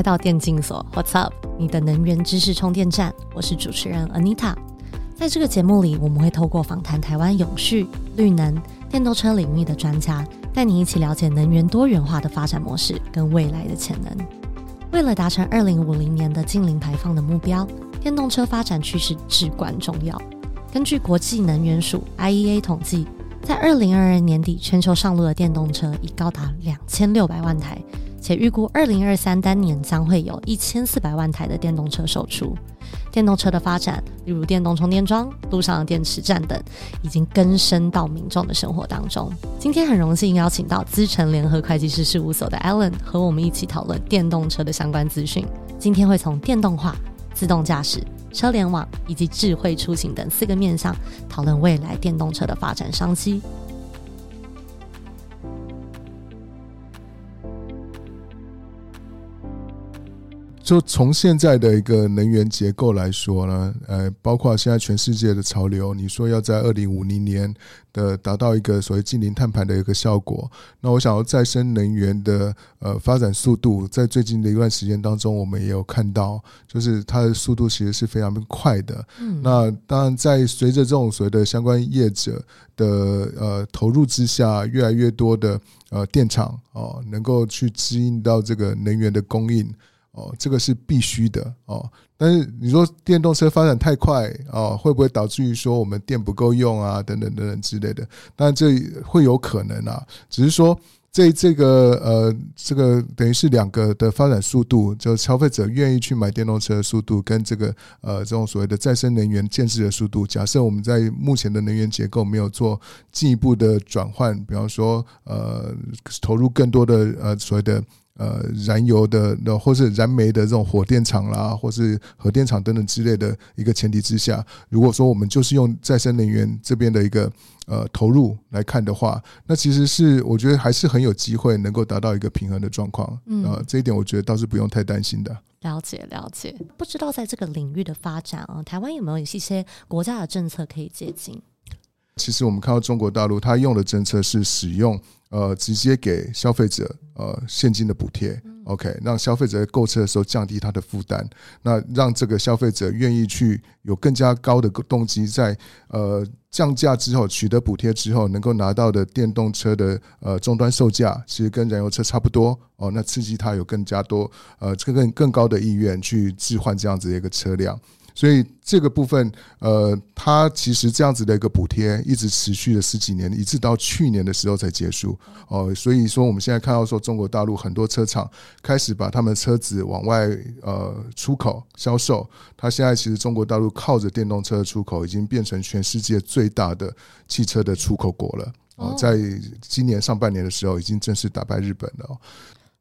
來到電競所，What's up？你的能源知識充電站，我是主持人 Anita。在這個節目裡，我們會透過訪談台灣永續、綠能、電動車領域的專家，帶你一起了解能源多元化的發展模式跟未來的潛能。為了達成二零五零年的淨零排放的目標，電動車發展趨勢至關重要。根據國際能源署 （IEA） 統計，在二零二二年底，全球上路的電動車已高達兩千六百萬台。且預估二零二三單年將會有一千四百萬台的電動車售出。電動車的發展，例如電動充電樁、路上的電池站等，已經更深到民眾的生活當中。今天很榮幸邀請到資誠聯合會計師事務所的 Alan 和我們一起討論電動車的相關資訊。今天會從電動化、自動駕駛、車聯網以及智慧出行等四個面向，討論未來電動車的發展商機。就從現在的一個能源結構來說呢，呃、哎，包括現在全世界的潮流，你說要在二零五零年的達到一個所謂近零碳排的一個效果，那我想要再生能源的呃發展速度，在最近的一段時間當中，我們也有看到，就是它的速度其實是非常快的。嗯、那當然，在隨着這種所謂的相關業者的呃投入之下，越來越多的呃電廠哦，能夠去支應到這個能源的供應。哦，這個是必須的哦。但是你說電動車發展太快啊，哦，會不會導致於說我們電不夠用啊？等等等等之類的，那這會有可能啊。只是說這這個呃，這個等於是兩個的發展速度，就是消費者願意去買電動車的速度，跟這個呃這種所謂的再生能源建設的速度。假設我們在目前的能源結構沒有做進一步的轉換，比方說呃投入更多的呃所謂的。呃，燃油的，或者是燃煤的這種火電廠啦，或是核電廠等等之類的，一個前提之下，如果說我們就是用再生能源這邊的一個呃投入來看的話，那其實是我覺得還是很有機會能夠達到一個平衡的狀況。嗯、呃，這一點我覺得倒是不用太擔心的。了解了解，了解，不知道在這個領域的發展啊，台灣有沒有一些國家的政策可以借鑑？其實我們看到中國大陸，他用的政策是使用，呃，直接給消費者呃現金的補貼，嗯，OK，讓消費者在購車的時候降低他的負擔，那讓這個消費者願意去有更加高的動機，在呃降價之後取得補貼之後能夠拿到的電動車的呃終端售價其實跟燃油車差不多哦，那刺激他有更加多呃更更更高的意願去置換這樣子一個車輛。所以這個部分，呃，它其實這樣子的一個補貼一直持續了十幾年，一直到去年的時候才結束。哦、呃，所以說我們現在看到說中國大陸很多車廠開始把他們車子往外呃出口銷售。他現在其實中國大陸靠着電動車的出口，已經變成全世界最大的汽車的出口國了。哦、呃，在今年上半年的時候，已經正式打敗日本了、哦。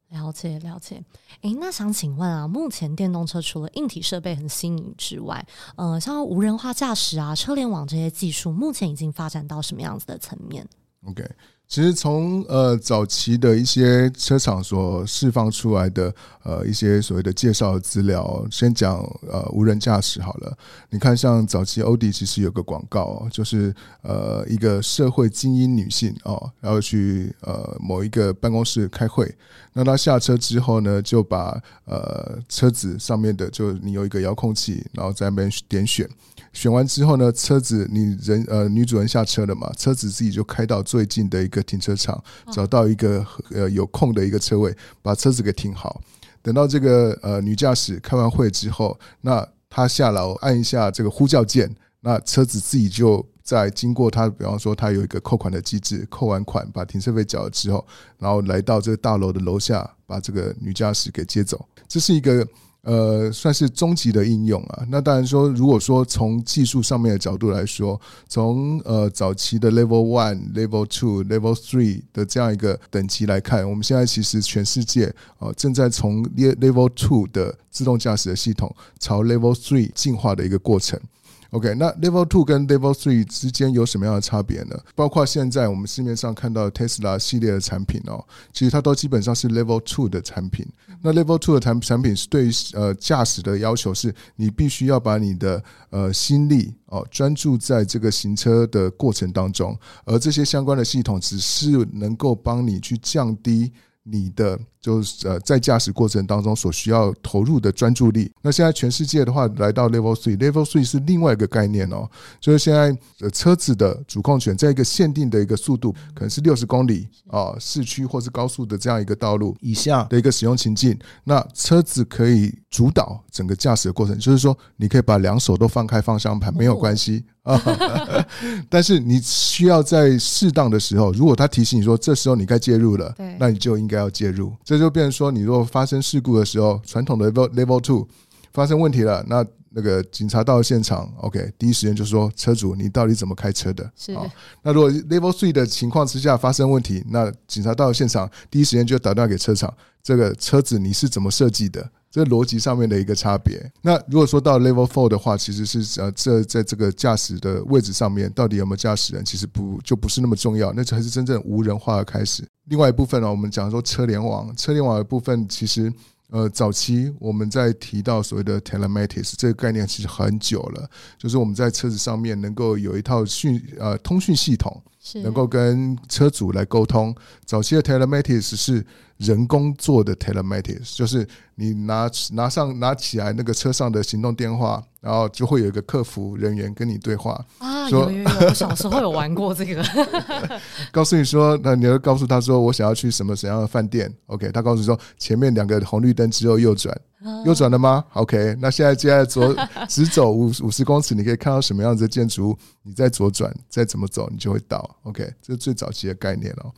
了解了解，哎，那想請問啊，目前電動車除了硬體設備很新穎之外，呃，像無人化駕駛啊、車聯網這些技術，目前已經發展到什麼樣子的層面？OK。其實從呃早期的一些車廠所釋放出來的呃一些所謂的介紹資料，先講呃無人駕駛好了。你看，像早期奧迪其實有個廣告，就是呃一個社會精英女性哦，然後去呃某一個辦公室開會，那她下車之後呢，就把呃車子上面的就你有一個遙控器，然後在那邊點選，選，選完之後呢，車子你人呃女主人下車了嘛，車子自己就開到最近的一個。停車場找到一個呃有空的一個車位，把車子給停好。等到這個呃女駕駛開完會之後，那她下樓按一下這個呼叫鍵，那車子自己就在經過他，比方說他有一個扣款的機制，扣完款把停車費繳了之後，然後來到這個大樓的樓下，把這個女駕駛給接走。這是一個。呃，算是終極的應用啊。那當然說，如果說從技術上面的角度來說，從呃早期的 Level One、Level Two、Level Three 的這樣一個等級來看，我們現在其實全世界呃正在從 Level Two 的自動駕駛的系統朝 Level Three 進化的一個過程。OK，那 Level Two 跟 Level Three 之間有什麼樣的差別呢？包括現在我們市面上看到的 Tesla 系列的產品哦，其實它都基本上是 Level Two 的產品。那 Level Two 的產產品是對於呃駕駛的要求是，你必須要把你的呃心力哦專注在這個行車的過程當中，而這些相關的系統只是能夠幫你去降低。你的就是呃，在駕駛過程當中所需要投入的專注力。那現在全世界的話，來到 Level Three，Level Three 是另外一個概念哦。就是現在車子的主控權在一個限定的一個速度，可能是六十公里啊，市區或是高速的這樣一個道路以下的一個使用情境，那車子可以主導整個駕駛的過程，就是說你可以把兩手都放開方向盤，沒有關係。啊！ 但是你需要在適當的時候，如果他提醒你說這時候你該介入了對，那你就應該要介入。這就變成說，你如果發生事故的時候，傳統的 level level two 發生問題了，那那個警察到了現場，OK，第一時間就說車主，你到底怎麼開車的？是的。好，那如果 level three 的情況之下發生問題，那警察到了現場，第一時間就打電話給車廠，這個車子你是怎麼設計的？這邏輯上面的一個差別。那如果說到 Level Four 的話，其實是呃，這在這個駕駛的位置上面，到底有沒有駕駛人，其實不就不是那麼重要。那才是真正無人化的開始。另外一部分呢，我們講說車聯網，車聯網的部分，其實呃，早期我們在提到所謂的 Telematics 這個概念，其實很久了，就是我們在車子上面能夠有一套訊呃通訊系統。是能夠跟車主來溝通。早期的 telematics 是人工做的 telematics，就是你拿拿上拿起來那個車上的行動電話，然後就會有一個客服人員跟你對話。啊說有有有，我小時候有玩過這個。 告訴你說，那你要告訴他說，我想要去什麼什麼樣的飯店。OK，他告訴你說，前面兩個紅綠燈之後右轉。右轉了嗎？OK，那現在接着左直走五五十公尺，你可以看到什麼樣子的建築物？你再左轉，再怎麼走，你就會到。OK，這是最早期的概念哦。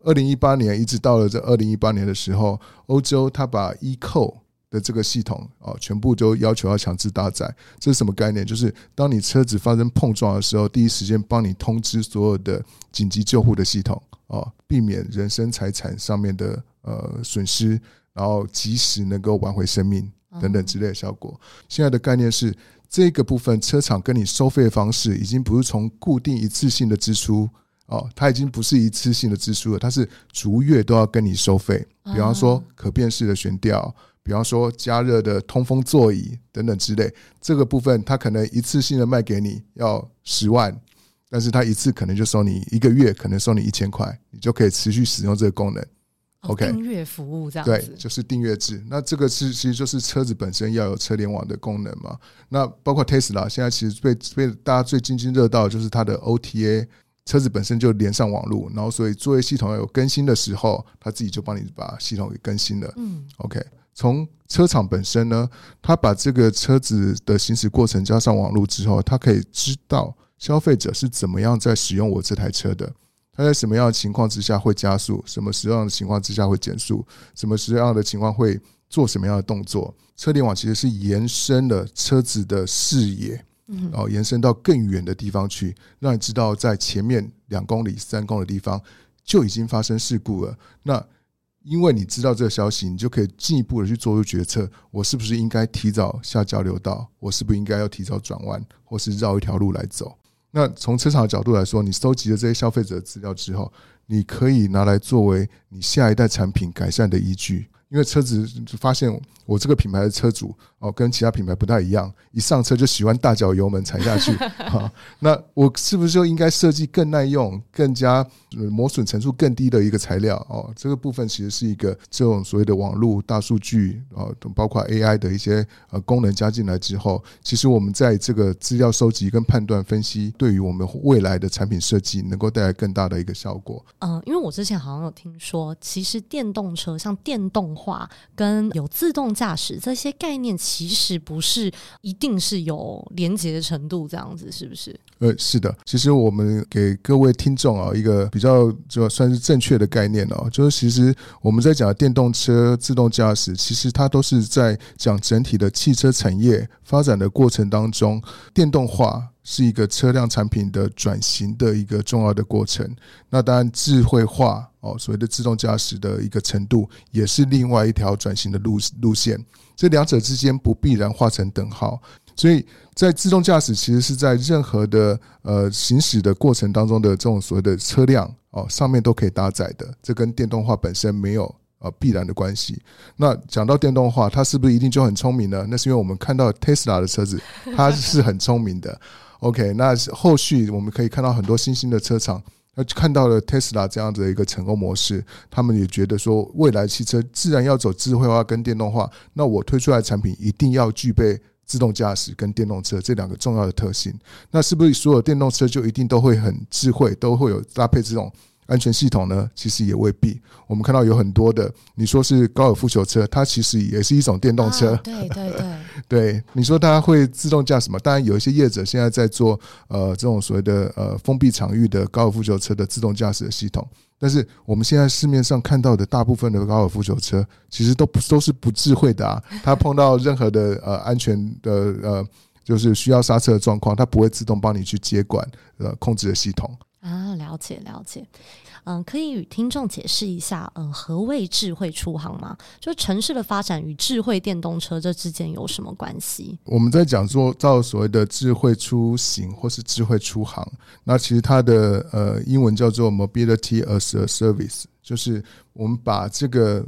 二零一八年一直到了這二零一八年的時候，歐洲它把 Eco 的這個系統哦，全部都要求要強制搭載。這是什麼概念？就是當你車子發生碰撞的時候，第一時間幫你通知所有的緊急救護的系統哦，避免人身財產上面的呃損失。然後及時能夠挽回生命等等之類的效果。現在的概念是，這個部分車廠跟你收費的方式已經不是從固定一次性的支出哦，它已經不是一次性的支出了，它是逐月都要跟你收費。比方說可變式的懸吊，比方說加熱的通風座椅等等之類，這個部分它可能一次性的賣給你要十萬，但是它一次可能就收你一個月，可能收你一千塊，你就可以持續使用這個功能。哦、OK，訂閱服務這樣子，對，就是訂閱制。那這個是其實就是車子本身要有車聯網的功能嘛。那包括 Tesla 現在其實被被大家最津津樂道的，就是它的 OTA，車子本身就連上網絡，然後所以作業系統要有更新的時候，它自己就幫你把系統給更新了。嗯，OK，從車廠本身呢，它把這個車子的行駛過程加上網絡之後，它可以知道消費者是怎麼樣在使用我這台車的。它在什麼樣的情況之下會加速？什麼時候的情況之下會減速？什麼時候的情況會做什麼樣的動作？車聯網其實是延伸了車子的視野，然後延伸到更遠的地方去，讓你知道在前面兩公里、三公里的地方就已經發生事故了。那因為你知道這個消息，你就可以進一步的去做出決策：我是不是應該提早下交流道？我是不是應該要提早轉彎，或是繞一條路來走？那從車廠的角度來說，你收集了這些消費者的資料之後，你可以拿來作為你下一代產品改善的依據。因為車子就發現我這個品牌的車主哦，跟其他品牌不太一樣，一上車就喜歡大腳油門踩下去、 啊、那我是不是就應該設計更耐用、更加、呃、磨損程度更低的一個材料？哦，這個部分其實是一個這種所謂的網絡大數據啊、哦，包括 AI 的一些呃功能加進來之後，其實我們在這個資料收集跟判斷分析，對於我們未來的產品設計能夠帶來更大的一個效果。嗯、呃，因為我之前好像有聽說，其實電動車像電動。化跟有自動駕駛這些概念，其實不是一定是有連結的程度這樣子，是不是？呃，是的。其實我們給各位聽眾啊一個比較就算是正確的概念哦、啊，就是其實我們在講電動車自動駕駛，其實它都是在講整體的汽車產業發展的過程當中電動化，是一個車輛產品的轉型的一個重要的過程。那當然，智慧化哦，所謂的自動駕駛的一個程度，也是另外一條轉型的路路線。這兩者之間不必然畫成等號。所以在自動駕駛，其實是在任何的呃行駛的過程當中的這種所謂的車輛哦上面都可以搭載的。這跟電動化本身沒有呃、啊、必然的關係。那講到電動化，它是不是一定就很聰明呢？那是因為我們看到特斯拉的車子，它是很聰明的。OK，那後續我們可以看到很多新興的車廠，那看到了 Tesla 這樣子的一個成功模式，他們也覺得說，未來汽車自然要走智慧化跟電動化，那我推出來的產品一定要具備自動駕駛跟電動車這兩個重要的特性。那是不是所有電動車就一定都會很智慧，都會有搭配這種？安全系統呢，其實也未必。我們看到有很多的，你說是高爾夫球車，它其實也是一種電動車。啊，對對對。 對，你說它會自動駕駛嗎？當然，有一些業者現在在做呃這種所謂的呃封閉場域的高爾夫球車的自動駕駛的系統。但是我們現在市面上看到的大部分的高爾夫球車，其實都不都是不智慧的啊。它碰到任何的呃安全的呃就是需要剎車的狀況，它不會自動幫你去接管呃控制的系統。啊，了解了解，嗯、呃，可以與聽眾解釋一下，嗯、呃，何謂智慧出行嗎？就是城市的發展與智慧電動車這之間有什麼關係？我們在講做到所謂的智慧出行或是智慧出行，那其實它的呃英文叫做 Mobility as a Service，就是我們把這個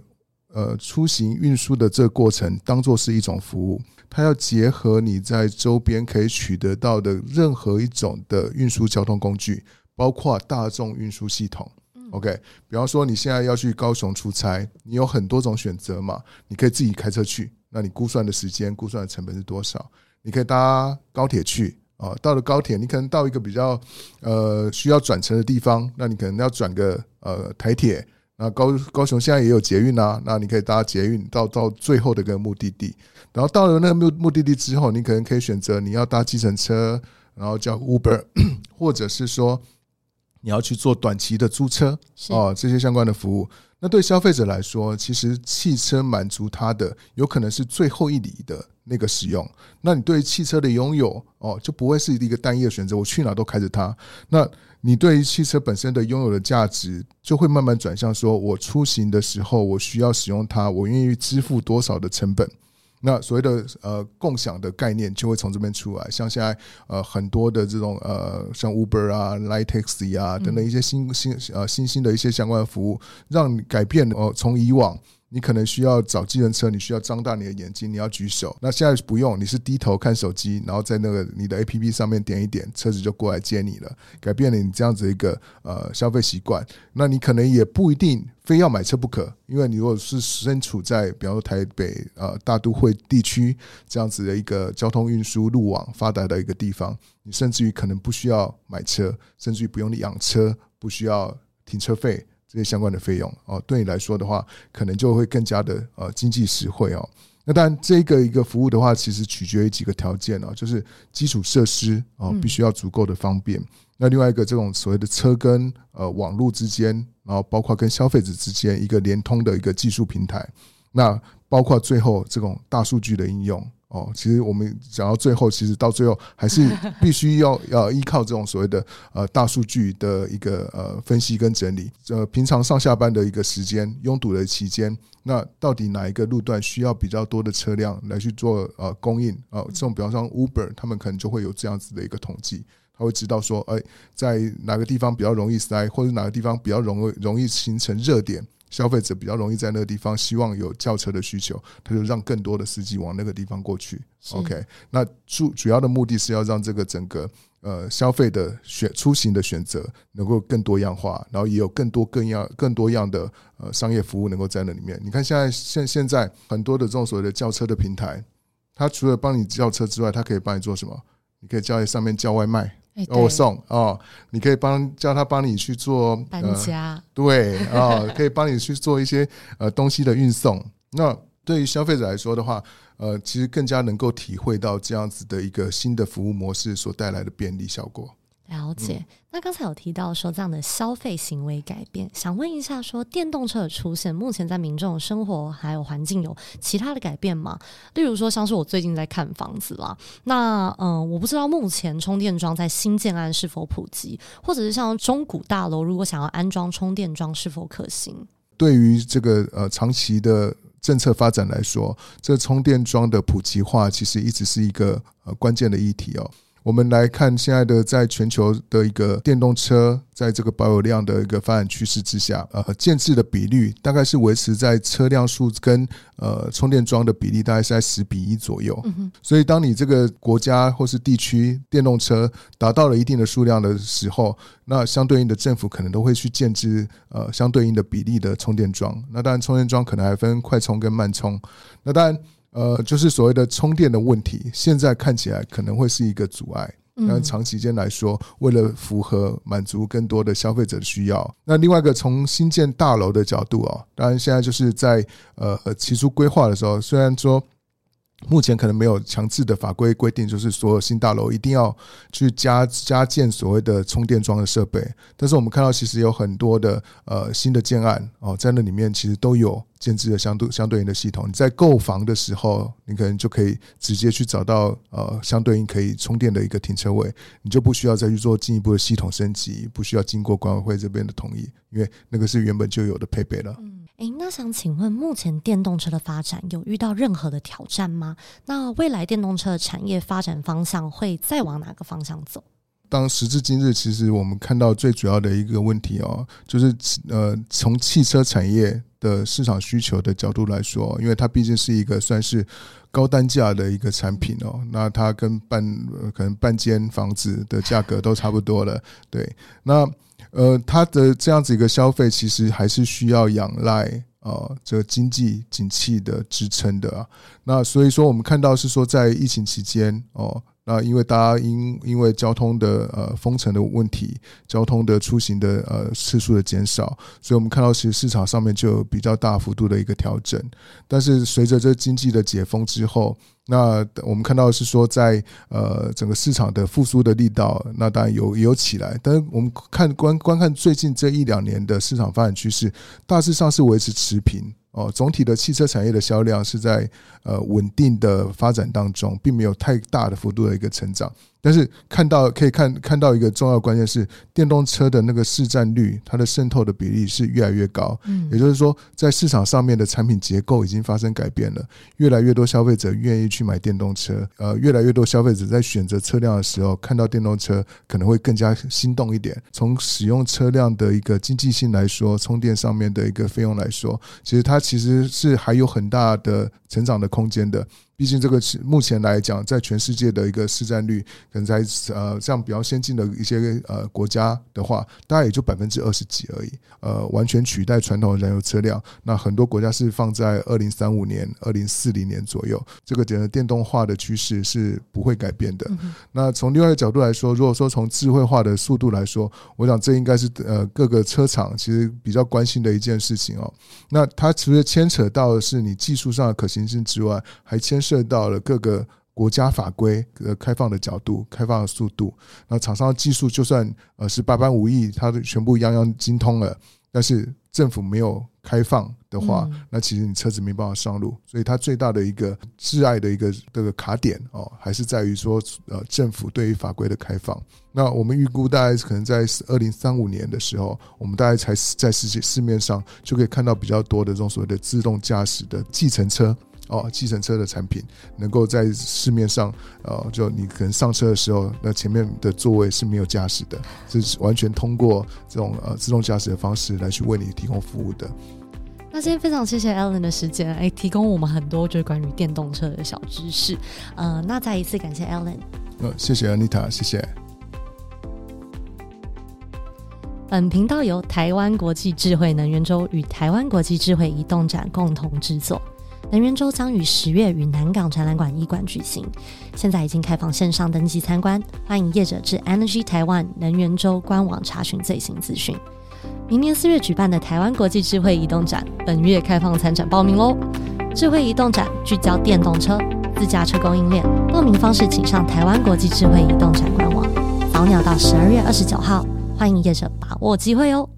呃出行運輸的這個過程當作是一種服務，它要結合你在周邊可以取得到的任何一種的運輸交通工具。包括大眾運輸系統，OK，比方說你現在要去高雄出差，你有很多種選擇嘛，你可以自己開車去，那你估算的時間、估算的成本是多少？你可以搭高鐵去啊，到了高鐵，你可能到一個比較呃需要轉乘的地方，那你可能要轉個呃台鐵，那高高雄現在也有捷運啦。那你可以搭捷運到到最後的一個目的地，然後到了那個目目的地之後，你可能可以選擇你要搭計程車，然後叫 Uber，或者是說。你要去做短期的租車哦，這些相關的服務。那對消費者來說，其實汽車滿足他的有可能是最後一裡的那個使用。那你對於汽車的擁有哦，就不會是一個單一的選擇，我去哪都開着它。那你對於汽車本身的擁有的價值，就會慢慢轉向，說我出行的時候我需要使用它，我願意支付多少的成本。那所謂的呃共享的概念，就會從這邊出來，像現在呃很多的這種呃像 Uber 啊、Line Taxi 啊等等一些新、嗯、新呃新興的一些相關服務，讓你改變哦、呃、從以往。你可能需要找計程車，你需要張大你的眼睛，你要舉手。那現在不用，你是低頭看手機，然後在那個你的 APP 上面點一點，車子就過來接你了，改變了你這樣子一個呃消費習慣。那你可能也不一定非要買車不可，因為你如果是身處在，比方說台北呃大都會地區這樣子的一個交通運輸路網發達的一個地方，你甚至於可能不需要買車，甚至於不用你養車，不需要停車費。這些相關的費用哦，對你來說的話，可能就會更加的呃經濟實惠哦。那當然，這個一個服務的話，其實取決於幾個條件哦，就是基礎設施哦，必須要足夠的方便。那另外一個，這種所謂的車跟呃網絡之間，然後包括跟消費者之間一個連通的一個技術平台，那包括最後這種大數據的應用。哦，其實我們講到最後，其實到最後還是必須要要依靠這種所謂的呃大數據的一個呃分析跟整理。呃，平常上下班的一個時間擁堵的期間，那到底哪一個路段需要比較多的車輛來去做呃供應啊？呃，這種，比方說 Uber，他們可能就會有這樣子的一個統計，他會知道說，哎、欸，在哪個地方比較容易塞，或者哪個地方比較容易容易形成熱點。消費者比較容易在那個地方，希望有叫車的需求，他就讓更多的司機往那個地方過去是。OK，那主主要的目的是要讓這個整個呃消費的選出行的選擇能夠更多樣化，然後也有更多更樣更多樣的呃商業服務能夠在那裡面。你看現在現現在很多的這種所謂的叫車的平台，它除了幫你叫車之外，它可以幫你做什麼？你可以叫在上面叫外賣。哦、我送哦，你可以幫叫他幫你去做搬家，呃，對啊、哦，可以幫你去做一些 呃東西的運送。那對於消費者來說的話，呃，其實更加能夠體會到這樣子的一個新的服務模式所帶來的便利效果。了解。那剛才有提到說這樣的消費行為改變，想問一下說電動車的出現，目前在民眾生活還有環境有其他的改變嗎？例如說像是我最近在看房子啦，那嗯、呃，我不知道目前充電樁在新建案是否普及，或者是像中古大樓如果想要安裝充電樁是否可行？對於這個呃長期的政策發展來說，這充電樁的普及化其實一直是一個呃關鍵的議題哦、喔。我們來看現在的在全球的一個電動車在這個保有量的一個發展趨勢之下，呃，建置的比率大概是維持在車輛數跟呃充電樁的比例大概是在十比一左右。所以，當你這個國家或是地區電動車達到了一定的數量的時候，那相對應的政府可能都會去建置呃相對應的比例的充電樁。那當然，充電樁可能還分快充跟慢充。那當然。呃，就是所謂的充電的問題，現在看起來可能會是一個阻礙。但長期間來說，為了符合滿足更多的消費者的需要，那另外一個從新建大樓的角度啊、喔，當然現在就是在呃呃提出規劃的時候，雖然說。目前可能沒有強制的法規規定，就是所有新大樓一定要去加加建所謂的充電樁的設備。但是我們看到，其實有很多的呃新的建案哦，在那裡面其實都有建置的相對相對應的系統。你在購房的時候，你可能就可以直接去找到呃相對應可以充電的一個停車位，你就不需要再去做進一步的系統升級，不需要經過管委會這邊的同意，因為那個是原本就有的配備了。嗯誒，那想請問，目前電動車的發展有遇到任何的挑戰嗎？那未來電動車的產業發展方向會再往哪個方向走？當時至今日，其實我們看到最主要的一個問題哦，就是呃，從汽車產業的市場需求的角度來說，因為它畢竟是一個算是高單價的一個產品哦，那它跟半呃，可能半間房子的價格都差不多了。 對，那。呃，它的這樣子一個消費，其實還是需要仰賴啊、呃、這個經濟景氣的支撐的、啊。那所以說，我們看到是說在疫情期間哦、呃，那因為大家因因為交通的呃封城的問題，交通的出行的呃次數的減少，所以我們看到其實市場上面就有比較大幅度的一個調整。但是隨着這經濟的解封之後，那我們看到的是說，在呃整個市場的復甦的力道，那當然有也有起來，但是我們看觀觀看最近這一兩年的市場發展趨勢，大致上是維持持平哦，總體的汽車產業的銷量是在呃穩定的發展當中，並沒有太大的幅度的一個成長。但是，看到可以看看到一個重要關鍵是，電動車的那個市佔率，它的滲透的比例是越來越高。也就是說，在市場上面的產品結構已經發生改變了，越來越多消費者願意去買電動車。呃，越來越多消費者在選擇車輛的時候，看到電動車可能會更加心動一點。從使用車輛的一個經濟性來說，充電上面的一個費用來說，其實它其實是還有很大的成長的空間的。畢竟這個目前來講，在全世界的一個市占率，可能在呃像比較先進的一些呃國家的話，大概也就百分之二十幾而已。呃，完全取代傳統燃油車輛，那很多國家是放在二零三五年、二零四零年左右。這個點的電動化的趨勢是不會改變的。那從另外一個角度來說，如果說從智慧化的速度來說，我想這應該是呃各個車廠其實比較關心的一件事情哦。那它除了牽扯到的是你技術上的可行性之外，還牽。涉及到了各個國家法規，呃，開放的角度、開放的速度，那廠商的技術就算呃是八般武藝，它都全部樣樣精通了，但是政府沒有開放的話，嗯，那其實你車子沒辦法上路。所以它最大的一個摯愛的一個這個卡點哦，還是在於說呃政府對於法規的開放。那我們預估大概可能在二零三五年的時候，我們大概才在市市面上就可以看到比較多的這種所謂的自動駕駛的計程車。哦，計程車的產品能夠在市面上，呃，就你可能上車的時候，那前面的座位是沒有駕駛的，是完全通過這種呃自動駕駛的方式來去為你提供服務的。那今天非常謝謝 Alan 的時間，哎、欸，提供我們很多就是關於電動車的小知識，呃，那再一次感謝 Alan。呃，謝謝 Anita，謝謝。本頻道由台灣國際智慧能源周與台灣國際智慧移動展共同制作。能源週將於十月於南港展覽館一館舉行，現在已經開放線上登記參觀，歡迎業者至 Energy 台灣能源周官網查詢最新資訊。明年四月舉辦的台灣國際智慧移動展，本月開放參展報名嘍、哦！智慧移動展聚焦電動車、自駕車供應鏈，報名方式請上台灣國際智慧移動展官網，早鳥到十二月二十九號，歡迎業者把握機會哦！